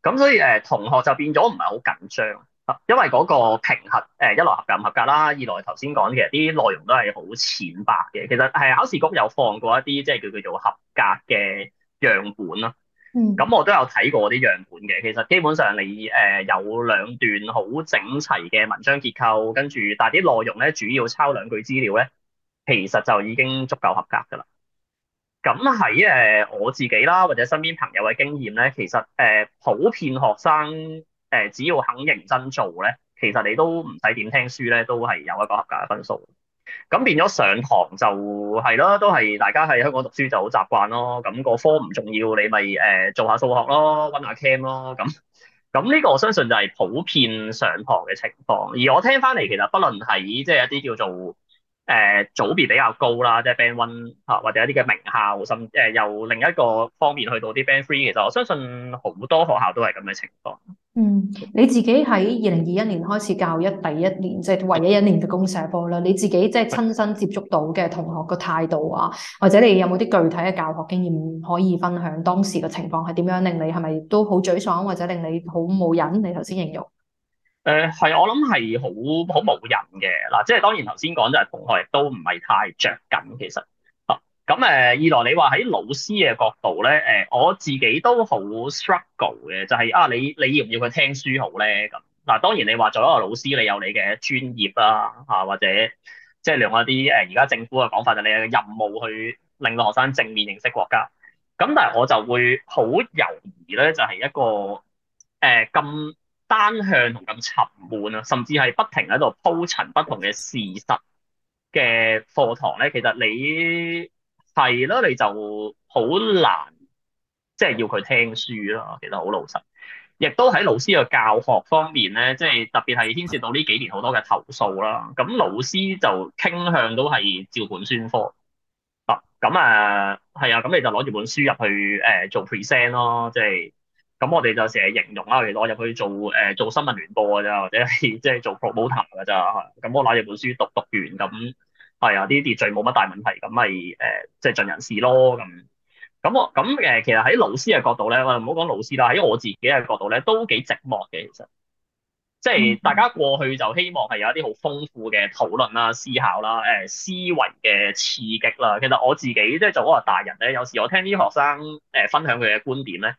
咁所以誒、呃、同學就變咗唔係好緊張。因為嗰個評核，誒，一來合格唔合格啦，二來頭先講嘅啲內容都係好淺白嘅。其實係考試局有放過一啲，即係叫叫做合格嘅樣本啦。咁我都有睇過啲樣本嘅，其實基本上你誒有兩段好整齊嘅文章結構，跟住但係啲內容咧主要抄兩句資料咧，其實就已經足夠合格噶啦。咁喺誒我自己啦，或者身邊朋友嘅經驗咧，其實誒普遍學生。誒只要肯認真做咧，其實你都唔使點聽書咧，都係有一個合格嘅分數。咁變咗上堂就係咯，都係大家喺香港讀書就好習慣咯。咁、嗯、個科唔重要，你咪誒、呃、做下數學咯，温下 Cam 咯。咁咁呢個我相信就係普遍上堂嘅情況。而我聽翻嚟，其實不論係即係一啲叫做。誒，組別比較高啦，即係 Band One 吓，或者一啲嘅名校，甚至誒由另一個方面去到啲 Band Three。其實我相信好多學校都係咁嘅情況。嗯，你自己喺二零二一年開始教一第一年，即係唯一一年嘅公社科啦。你自己即係親身接觸到嘅同學個態度啊，或者你有冇啲具體嘅教學經驗可以分享？當時嘅情況係點樣令你係咪都好沮喪，或者令你好冇癮？你頭先形容。誒，係、呃，我諗係好好冇癮嘅，嗱，即係當然頭先講就係同學亦都唔係太着緊，其實，啊，咁誒，二來你話喺老師嘅角度咧，誒、呃，我自己都好 struggle 嘅，就係、是、啊，你你要唔要佢聽書好咧？咁，嗱，當然你話做一個老師，你有你嘅專業啦、啊，吓、啊、或者即係用一啲誒而家政府嘅講法就你嘅任務去令到學生正面認識國家，咁、啊、但係我就會好猶豫咧，就係、是、一個誒咁。呃單向同咁沉悶啊，甚至係不停喺度鋪陳不同嘅事實嘅課堂咧，其實你係咯，你就好難即係要佢聽書咯。其實好老實，亦都喺老師嘅教學方面咧，即係特別係牽涉到呢幾年好多嘅投訴啦。咁老師就傾向都係照本宣科啊。咁啊，係啊，咁你就攞住本書入去誒、呃、做 present 咯，即係。咁我哋就成日形容啦、啊，我哋攞入去做誒、呃、做新聞聯播㗎啫，或者係即係做 promoter 㗎啫。咁我攞住本書讀讀完，咁係啊，呢啲秩序冇乜大問題，咁咪誒即係盡人事咯。咁咁我咁誒，其實喺老師嘅角度咧，我唔好講老師啦，喺我自己嘅角度咧，都幾寂寞嘅。其實即係大家過去就希望係有一啲好豐富嘅討論啦、思考啦、誒、呃、思維嘅刺激啦。其實我自己即係做嗰個大人咧，有時我聽啲學生誒分享佢嘅觀點咧。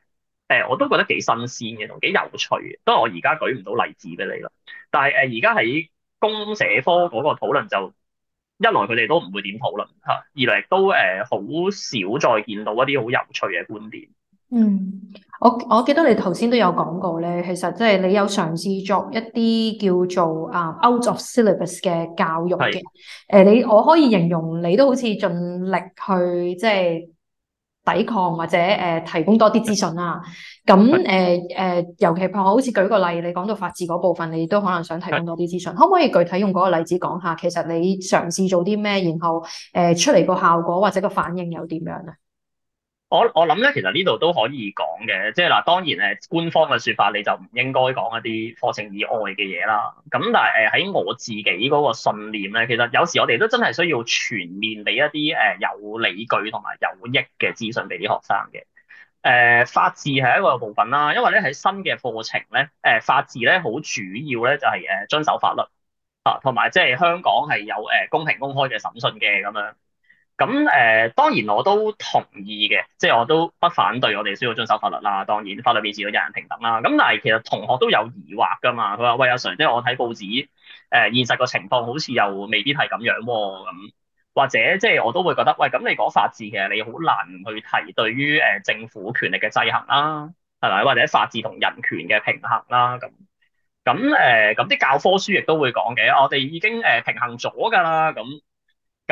誒，我都覺得幾新鮮嘅，同幾有趣嘅。不過我而家舉唔到例子俾你咯。但係誒，而家喺公社科嗰個討論就，一來佢哋都唔會點討論吓，二嚟亦都誒好少再見到一啲好有趣嘅觀點。嗯，我我記得你頭先都有講過咧，其實即係你有嘗試作一啲叫做啊 out of syllabus 嘅教育嘅。誒是，你我可以形容你都好似盡力去即係。就是抵抗或者誒、呃、提供多啲資訊啊，咁誒誒，尤其譬如我好似舉個例，你講到法治嗰部分，你都可能想提供多啲資訊，是的 可唔可以具體用嗰個例子講下，其實你嘗試做啲咩，然後誒、呃、出嚟個效果或者個反應又點樣啊？我我諗咧，其實呢度都可以講嘅，即係嗱，當然誒官方嘅説法你就唔應該講一啲課程以外嘅嘢啦。咁但係誒喺我自己嗰個信念咧，其實有時我哋都真係需要全面俾一啲誒、呃、有理據同埋有益嘅資訊俾啲學生嘅。誒、呃、法治係一個部分啦，因為咧喺新嘅課程咧，誒、呃、法治咧好主要咧就係、是、誒遵守法律啊，同埋即係香港係有誒、呃、公平公開嘅審訊嘅咁樣。咁誒、呃，當然我都同意嘅，即係我都不反對，我哋需要遵守法律啦。當然，法律面前都人人平等啦。咁但係其實同學都有疑惑噶嘛，佢話喂阿、啊、Sir，即係我睇報紙，誒、呃、現實個情況好似又未必係咁樣喎咁。或者即係我都會覺得，喂咁你講法治其實，你好難去提對於誒、呃、政府權力嘅制衡啦，係咪？或者法治同人權嘅平衡啦咁。咁誒，咁啲、呃、教科書亦都會講嘅、啊，我哋已經誒、呃、平衡咗㗎啦咁。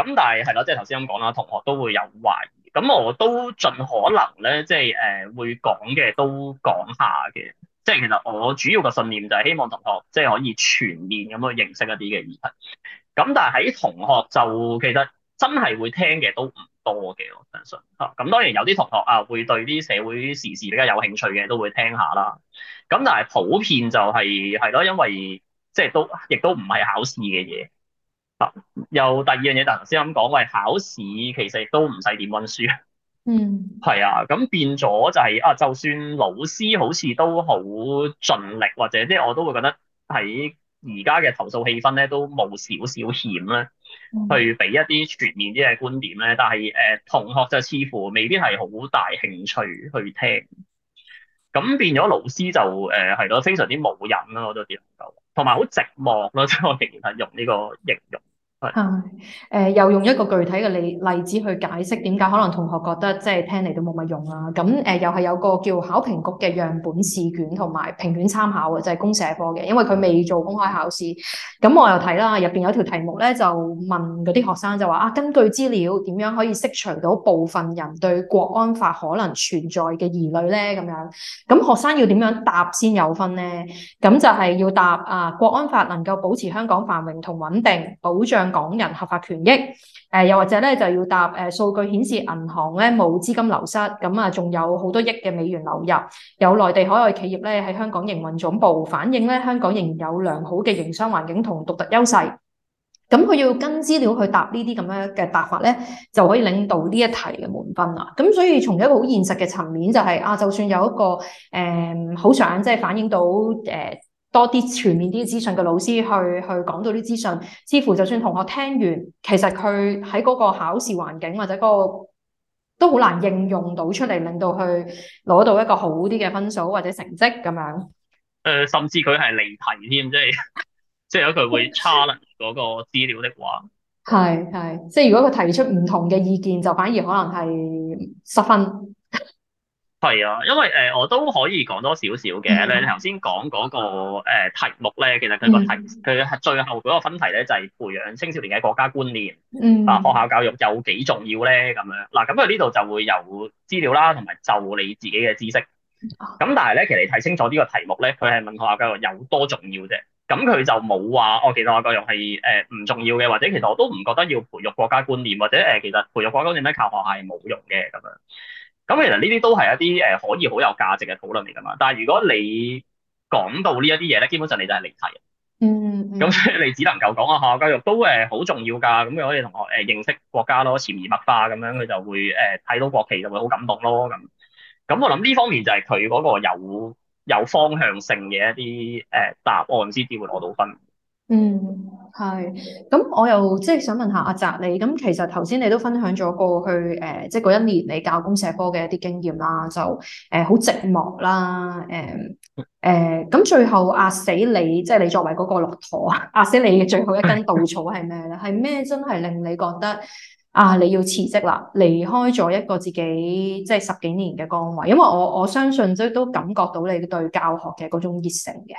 咁但係係咯，即係頭先咁講啦，同學都會有懷疑。咁我都盡可能咧，即係誒、呃、會講嘅都講下嘅。即係其實我主要嘅信念就係希望同學即係可以全面咁去認識一啲嘅議題。咁但係喺同學就其實真係會聽嘅都唔多嘅，我相信。咁、嗯、當然有啲同學啊會對啲社會時事比較有興趣嘅都會聽下啦。咁但係普遍就係係咯，因為即係都亦都唔係考試嘅嘢。又第二樣嘢，頭先咁講，喂，考試其實亦都唔使點温書。嗯。係啊，咁變咗就係、是、啊，就算老師好似都好盡力，或者即係、就是、我都會覺得喺而家嘅投訴氣氛咧，都冒少少險咧，去俾一啲全面啲嘅觀點咧。但係誒、呃、同學就似乎未必係好大興趣去聽，咁變咗老師就誒係咯，非常之冇癮咯，我都覺得同埋好寂寞咯，即我仍然係用呢個形容。吓，誒、啊呃、又用一個具體嘅例例子去解釋點解可能同學覺得即係聽嚟都冇乜用啦、啊。咁、啊、誒、呃、又係有個叫考評局嘅樣本試卷同埋評卷參考嘅，就係、是、公社科嘅，因為佢未做公開考試。咁、嗯、我又睇啦，入邊有條題目咧就問嗰啲學生就話啊，根據資料，點樣可以釋除到部分人對國安法可能存在嘅疑慮咧？咁樣，咁、嗯、學生要點樣答先有分咧？咁、嗯、就係、是、要答啊，國安法能夠保持香港繁榮同穩定，保障。港人合法權益，誒、呃、又或者咧就要答誒、呃、數據顯示銀行咧冇資金流失，咁啊仲有好多億嘅美元流入，有內地海外企業咧喺香港營運總部，反映咧香港仍有良好嘅營商環境同獨特優勢。咁佢要跟資料去答呢啲咁樣嘅答法咧，就可以領到呢一題嘅滿分啦。咁所以從一個好現實嘅層面、就係，就係啊，就算有一個誒好、呃、想，即係反映到誒。呃多啲全面啲資訊嘅老師去去講到啲資訊，似乎就算同學聽完，其實佢喺嗰個考試環境或者嗰、嗰個都好難應用到出嚟，令到佢攞到一個好啲嘅分數或者成績咁樣。誒、呃，甚至佢係離題添，即係即係如果佢會 challenge 嗰個資料的話，係係，即係如果佢提出唔同嘅意見，就反而可能係失分。係啊，因為誒、呃、我都可以講多少少嘅咧。你頭先講嗰個誒、呃、題目咧，其實佢個題佢係、嗯、最後嗰個分題咧，就係、是、培養青少年嘅國家觀念。嗯啊。啊，學校教育有幾重要咧？咁樣嗱，咁佢呢度就會有資料啦，同埋就你自己嘅知識。咁但係咧，其實你睇清楚呢個題目咧，佢係問學校教育有多重要啫。咁佢就冇話，我、哦、其實學校教育係誒唔重要嘅，或者其實我都唔覺得要培育國家觀念，或者誒、呃、其實培育國家觀念咧靠學校係冇用嘅咁樣。咁其實呢啲都係一啲誒可以好有價值嘅討論嚟㗎嘛，但係如果你講到呢一啲嘢咧，基本上你就係離題。嗯，嗯，咁所以你只能夠講啊，學教育都誒好重要㗎，咁你可以同學誒認識國家咯，潛移默化咁樣佢就會誒睇、呃、到國旗就會好感動咯咁。咁我諗呢方面就係佢嗰個有有方向性嘅一啲誒、呃、答案先至會攞到分。嗯，係。咁我又即係想問下阿澤你，咁其實頭先你都分享咗過去誒，即係嗰一年你教公社科嘅一啲經驗啦，就誒好、呃、寂寞啦，誒、嗯、誒，咁、呃、最後壓死你，即、就、係、是、你作為嗰個駱駝，壓死你嘅最後一根稻草係咩咧？係咩 真係令你覺得啊，你要辭職啦，離開咗一個自己即係十幾年嘅崗位，因為我我相信即係都感覺到你對教學嘅嗰種熱誠嘅，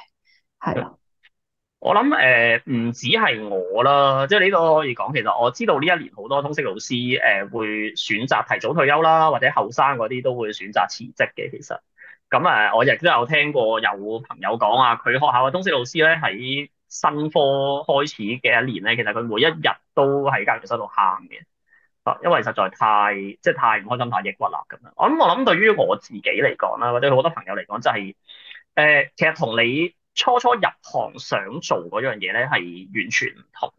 係啦。 我諗誒唔止係我啦，即係呢個可以講，其實我知道呢一年好多通識老師誒、呃、會選擇提早退休啦，或者後生嗰啲都會選擇辭職嘅。其實咁誒、呃，我亦都有聽過有朋友講啊，佢學校嘅通識老師咧，喺新科開始嘅一年咧，其實佢每一日都喺教育室度喊嘅，啊，因為實在太即係太唔開心、太抑鬱啦咁樣。我諗我諗對於我自己嚟講啦、啊，或者好多朋友嚟講就係、是、誒、呃，其實同你。初初入行想做嗰樣嘢咧，係完全唔同，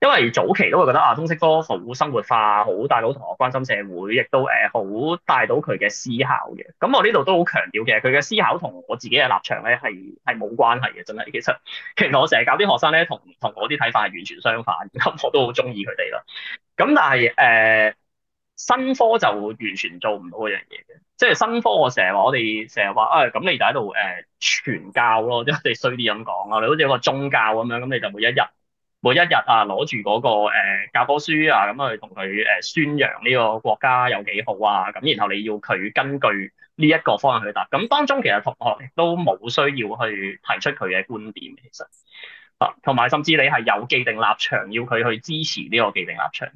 因為早期都會覺得啊，通識科好生活化，好帶到同學關心社會，亦都誒好、呃、帶到佢嘅思考嘅。咁我呢度都好強調嘅，佢嘅思考同我自己嘅立場咧係係冇關係嘅，真係。其實其實，其實我成日教啲學生咧，同同我啲睇法，係完全相反，咁我都好中意佢哋啦。咁但係誒。呃新科就完全做唔到嗰樣嘢嘅，即係新科我成日話我哋成日話，誒、哎、咁你就喺度誒傳教咯，即 係衰啲咁講啦，你好似有個宗教咁樣，咁你就每一日每一日啊攞住嗰個、呃、教科書啊咁去同佢誒宣揚呢個國家有幾好啊，咁然後你要佢根據呢一個方向去答，咁當中其實同學亦都冇需要去提出佢嘅觀點，其實啊，同埋甚至你係有既定立場，要佢去支持呢個既定立場。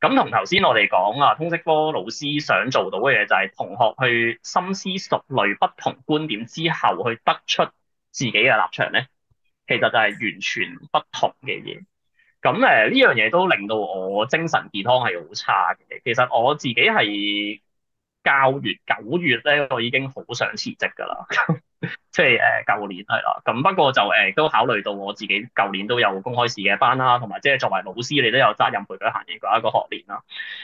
咁同頭先我哋講啊，通識科老師想做到嘅嘢就係同學去深思熟慮不同觀點之後，去得出自己嘅立場咧，其實就係完全不同嘅嘢。咁誒呢樣嘢都令到我精神健康係好差嘅。其實我自己係教完九月咧，我已經好想辭職㗎喇。 即係誒，舊年係啦，咁不過就誒、呃，都考慮到我自己舊年都有公開試嘅班啦，同埋即係作為老師，你都有責任陪佢行完嗰一個學年啦。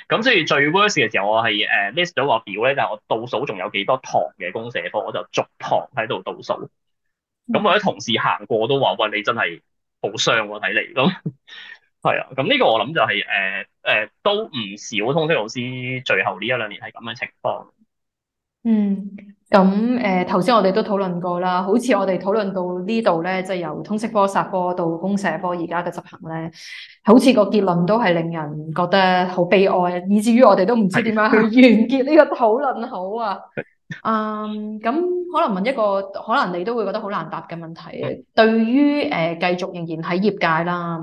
咁所以最 worst 嘅時候，我係誒 list 咗個表咧，就係，我倒數仲有幾多堂嘅公社課，我就逐堂喺度倒數。咁我啲同事行過都話，喂，你真係好傷我睇嚟。咁係啊，咁呢 個我諗就係誒誒，都唔少通識老師最後呢一兩年係咁嘅情況。嗯。咁誒，頭先、呃、我哋都討論過啦，好似我哋討論到呢度咧，即、就、係、是、由通識科、殺科到公社科，而家嘅執行咧，好似個結論都係令人覺得好悲哀，以至於我哋都唔知點樣去完結呢個討論好啊。嗯，咁可能問一個，可能你都會覺得好難答嘅問題， 對於誒繼續仍然喺業界啦。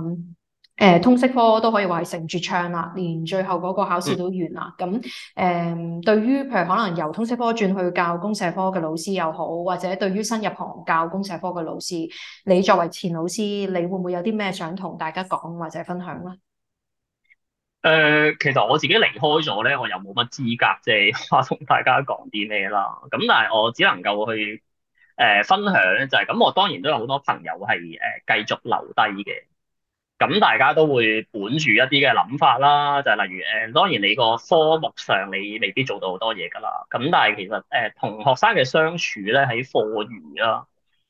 誒，通識科都可以話係成絕唱啦，連最後嗰個考試都完啦。咁誒、嗯嗯，對於譬如可能由通識科轉去教公社科嘅老師又好，或者對於新入行教公社科嘅老師，你作為前老師，你會唔會有啲咩想同大家講或者分享咧？誒、呃，其實我自己離開咗咧，我又冇乜資格即係話同大家講啲咩啦。咁但係我只能夠去誒、呃、分享咧、就係，就係咁。我當然都有好多朋友係誒繼續留低嘅。咁大家都會本住一啲嘅諗法啦，就係、是、例如誒、呃，當然你個科目上你未必做到好多嘢噶啦。咁但係其實誒、呃，同學生嘅相處咧，喺課餘啦，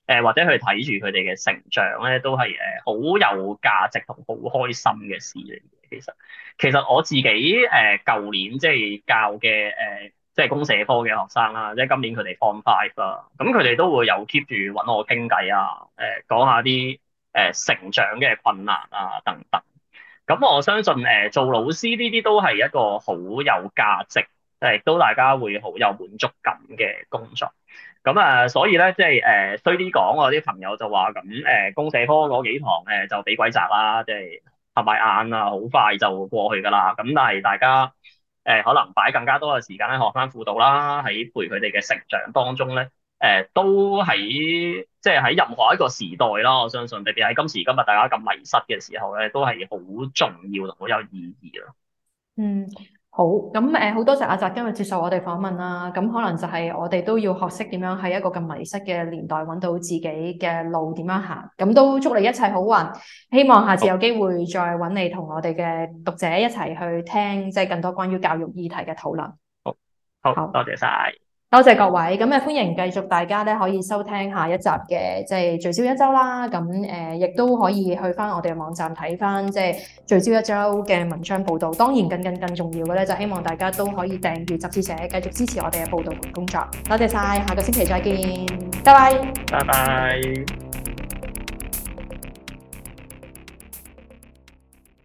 誒、呃、或者去睇住佢哋嘅成長咧，都係誒好有價值同好開心嘅事嚟嘅。其實其實我自己誒舊、呃、年即係教嘅誒，即係公社科嘅學生啦，即、呃、係今年佢哋 Form Five 啦，咁佢哋都會有 keep 住搵我傾偈啊，誒、呃、講一下啲，誒成長嘅困難啊，等等。咁我相信誒、呃、做老師呢啲都係一個好有價值，亦都大家會好有滿足感嘅工作。咁啊，所以咧即係誒衰啲講我啲朋友就話咁誒，公社科嗰幾堂誒、呃、就畀鬼閘啦，即係合埋眼啊，好快就過去㗎啦。咁但係大家誒、呃、可能擺更加多嘅時間喺學翻輔導啦，喺陪佢哋嘅成長當中咧，誒，都喺即係喺任何一個時代啦，我相信，特別喺今時今日大家咁迷失嘅時候咧，都係好重要同好有意義咯。嗯，好，咁誒，好、呃、多謝阿澤今日接受我哋訪問啦。咁可能就係我哋都要學識點樣喺一個咁迷失嘅年代，揾到自己嘅路點樣行。咁都祝你一切好運，希望下次有機會再揾你同我哋嘅讀者一齊去聽好即係更多關於教育議題嘅討論。好，好多謝晒。多謝各位，咁誒，歡迎繼續大家咧可以收聽下一集嘅，即係聚焦一周啦。咁誒、呃，亦都可以去翻我哋嘅網站睇翻即係聚焦一周嘅文章報道。當然，更更更重要嘅咧，就希望大家都可以訂閱雜誌社，繼續支持我哋嘅報道同工作。多謝晒，下個星期再見，拜拜，拜拜。